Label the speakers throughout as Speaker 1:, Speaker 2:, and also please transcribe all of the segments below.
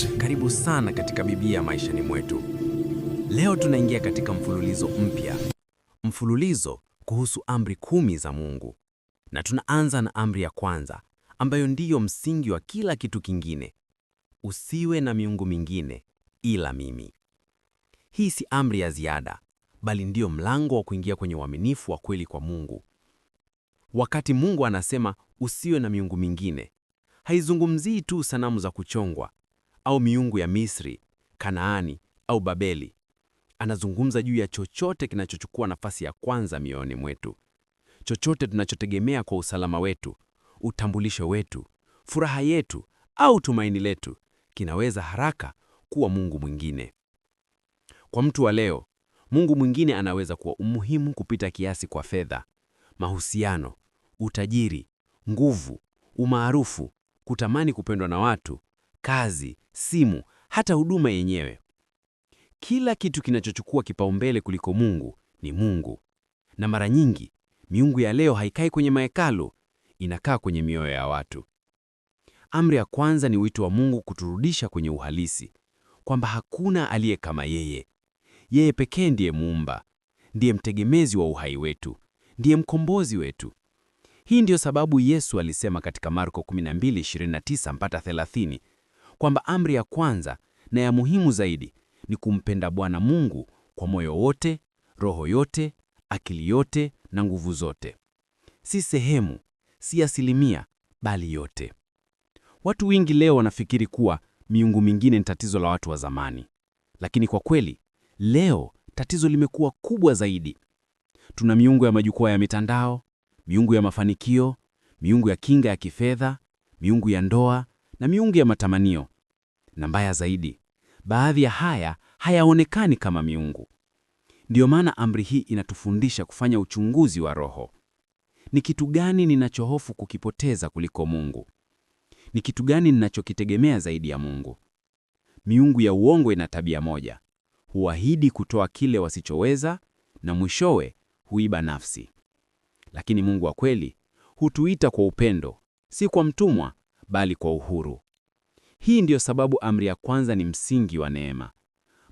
Speaker 1: Church, karibu sana katika Biblia maishani mwetu. Leo tunaingia katika mfululizo mpya, mfululizo kuhusu amri kumi za Mungu, na tunaanza na amri ya kwanza ambayo ndiyo msingi wa kila kitu kingine: usiwe na miungu mingine ila mimi. Hii si amri ya ziada, bali ndiyo mlango wa kuingia kwenye uaminifu wa kweli kwa Mungu. Wakati Mungu anasema usiwe na miungu mingine, haizungumzii tu sanamu za kuchongwa, au miungu ya Misri, Kanaani au Babeli. Anazungumza juu ya chochote kinachochukua nafasi ya kwanza mioyoni mwetu, chochote tunachotegemea kwa usalama wetu, utambulisho wetu, furaha yetu au tumaini letu, kinaweza haraka kuwa mungu mwingine. Kwa mtu wa leo, mungu mwingine anaweza kuwa umuhimu kupita kiasi kwa fedha, mahusiano, utajiri, nguvu, umaarufu, kutamani kupendwa na watu, kazi, simu, hata huduma yenyewe. Kila kitu kinachochukua kipaumbele kuliko Mungu ni Mungu, na mara nyingi miungu ya leo haikai kwenye mahekalu, inakaa kwenye mioyo ya watu. Amri ya kwanza ni wito wa Mungu kuturudisha kwenye uhalisi, kwamba hakuna aliye kama yeye. Yeye pekee ndiye muumba, ndiye mtegemezi wa uhai wetu, ndiye mkombozi wetu. Hii ndiyo sababu Yesu alisema katika Marko 12:29 mpaka kwamba amri ya kwanza na ya muhimu zaidi ni kumpenda Bwana Mungu kwa moyo wote, roho yote, akili yote na nguvu zote. Si sehemu, si asilimia, bali yote. Watu wengi leo wanafikiri kuwa miungu mingine ni tatizo la watu wa zamani, lakini kwa kweli leo tatizo limekuwa kubwa zaidi. Tuna miungu ya majukwaa ya mitandao, miungu ya mafanikio, miungu ya kinga ya kifedha, miungu ya ndoa na miungu ya matamanio. Na mbaya zaidi, baadhi ya haya hayaonekani kama miungu. Ndiyo maana amri hii inatufundisha kufanya uchunguzi wa roho. Ni kitu gani ninachohofu kukipoteza kuliko Mungu? Ni kitu gani ninachokitegemea zaidi ya Mungu? Miungu ya uongo ina tabia moja: huahidi kutoa kile wasichoweza na mwishowe huiba nafsi. Lakini Mungu wa kweli hutuita kwa upendo, si kwa mtumwa, bali kwa uhuru. Hii ndiyo sababu amri ya kwanza ni msingi wa neema.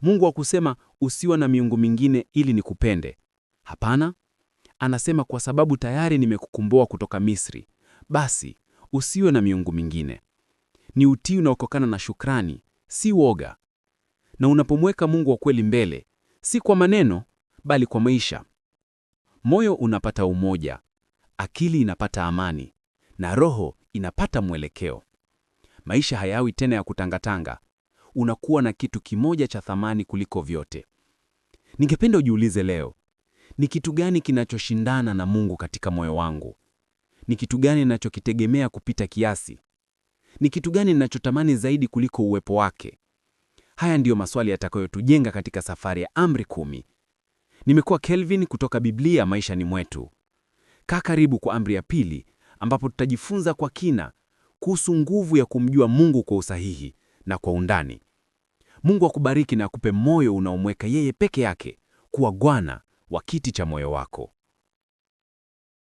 Speaker 1: Mungu hakusema usiwa na miungu mingine ili nikupende. Hapana, anasema kwa sababu tayari nimekukomboa kutoka Misri, basi usiwe na miungu mingine. Ni utii unaokokana na shukrani, si woga. Na unapomweka Mungu wa kweli mbele, si kwa maneno, bali kwa maisha, moyo unapata umoja, akili inapata amani, na roho inapata mwelekeo maisha hayawi tena ya kutangatanga. Unakuwa na kitu kimoja cha thamani kuliko vyote. Ningependa ujiulize leo, ni kitu gani kinachoshindana na Mungu katika moyo wangu? Ni kitu gani ninachokitegemea kupita kiasi? Ni kitu gani ninachotamani zaidi kuliko uwepo wake? Haya ndiyo maswali yatakayotujenga katika safari ya Amri Kumi. Nimekuwa Kelvin kutoka Biblia maisha ni mwetu. Kaa karibu kwa amri ya pili ambapo tutajifunza kwa kina kuhusu nguvu ya kumjua Mungu kwa usahihi na kwa undani. Mungu akubariki na akupe moyo unaomweka yeye peke yake kuwa Bwana wa kiti cha moyo wako.